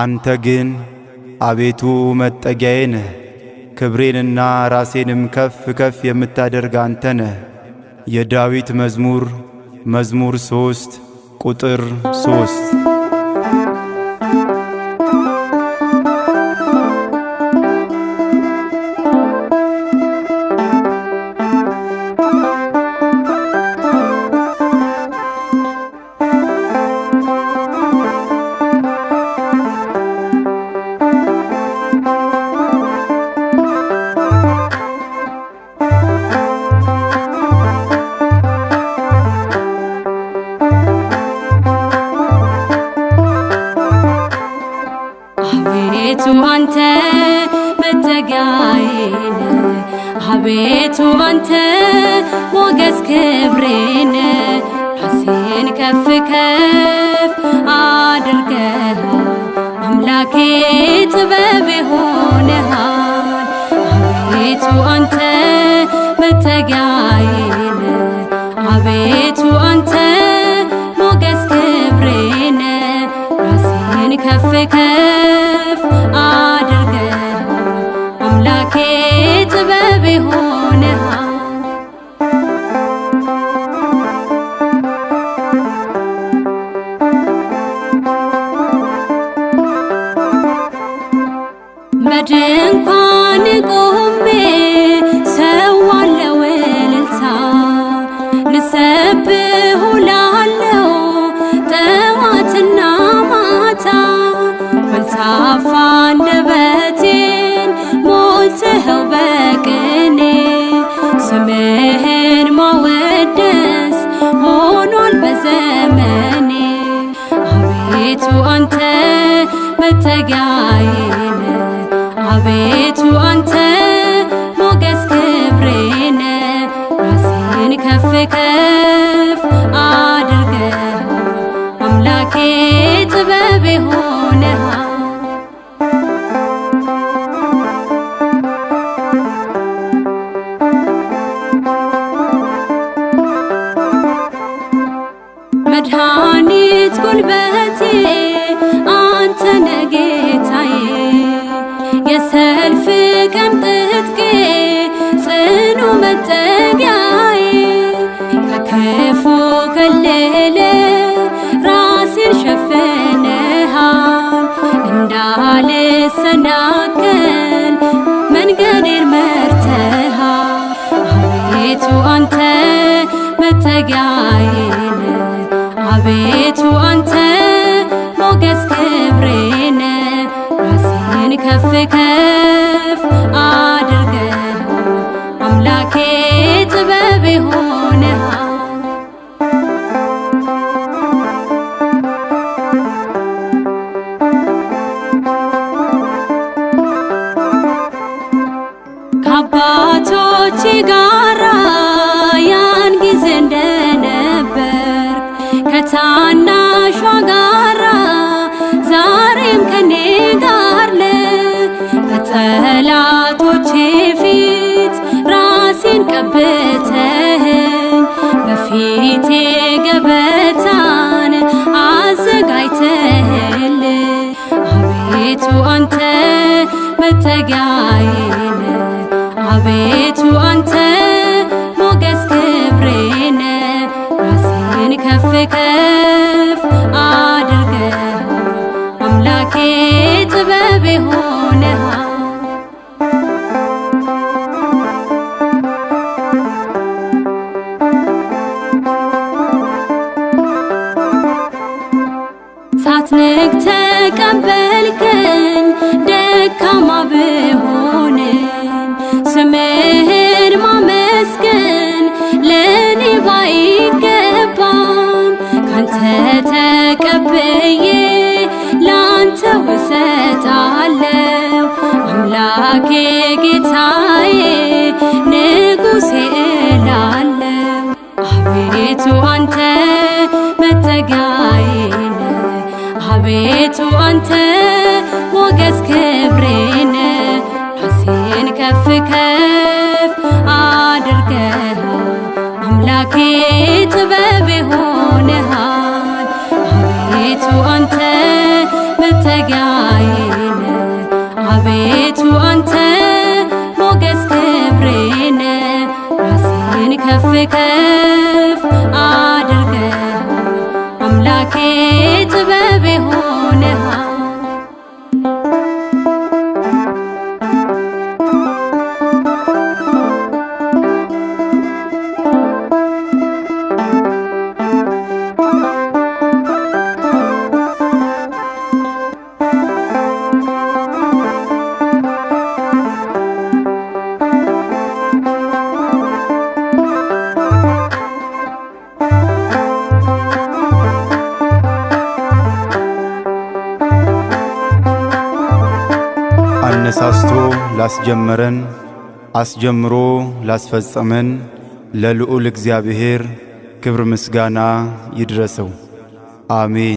አንተ ግን አቤቱ መጠጊያዬ ነህ፣ ክብሬንና ራሴንም ከፍ ከፍ የምታደርግ አንተ ነህ። የዳዊት መዝሙር መዝሙር ሶስት ቁጥር ሶስት አቤቱ አንተ መጠጊያዬ አቤቱ አንተ ሞገስ ክብሬን ነህ። ራሴን ከፍ ከፍ አድርገሃል አምላኬ ጥበብ ሆነሃል። አቤቱ አንተ መጠጊያዬ አቤቱ አምላኬ ጥበብ ሆነ በድንኳን ቆሜ መምህር ማወደስ ሆኗል በዘመኔ። አቤቱ አንተ መጠጊያዬ ነህ፣ አቤቱ አንተ መድኃኒት ጉልበቴ አንተ ነህ የሰልፍ ቀን ትጥቄ ጽኑ መጠጊያዬ ከክፉ ከሌለ ራሴን ሸፍነሃል እንዳልሰናከል መንገዴን መርተሃል አቤቱ አንተ መጠጊያዬ አቤቱ አንተ ሞገስ ክብሬነ ራስህን ከፍ ከፍ አድርገህ አምላኬ ጥበብ ሆነ ከአባቶች ጋር በጠላቶቼ ፊት ራሴን ቀብተህን በፊቴ ገበታን አዘጋጅተህል አቤቱ አንተ መጠጊያዬን አቤቱ አንተ ሞገስ ክብሬን ራሴን ከፍ ከፍ አድርገህ አምላኬ ጥበቤ ሆ አድርግ ተቀበልከኝ ደካማ ብሆንም ስምህን ማመስገን ለኔ ባይገባም ካንተ ተቀብዬ ላንተ ውሰጣለው አምላኬ ጌታዬ ንጉሴ እላለው አቤቱ አንተ ላንተ ሞገስ ክብሬን ራሴን ከፍ ከፍ አድርገሃል አምላኬ ጥበብ ሆነሃል አቤቱ አንተ መጠጊያዬን አቤቱ አንተ ሞገስ ክብሬን ራሴን ከፍ ከፍ አ አነሳስቶ ላስጀመረን አስጀምሮ ላስፈጸመን ለልዑል እግዚአብሔር ክብር ምስጋና ይድረሰው፣ አሜን።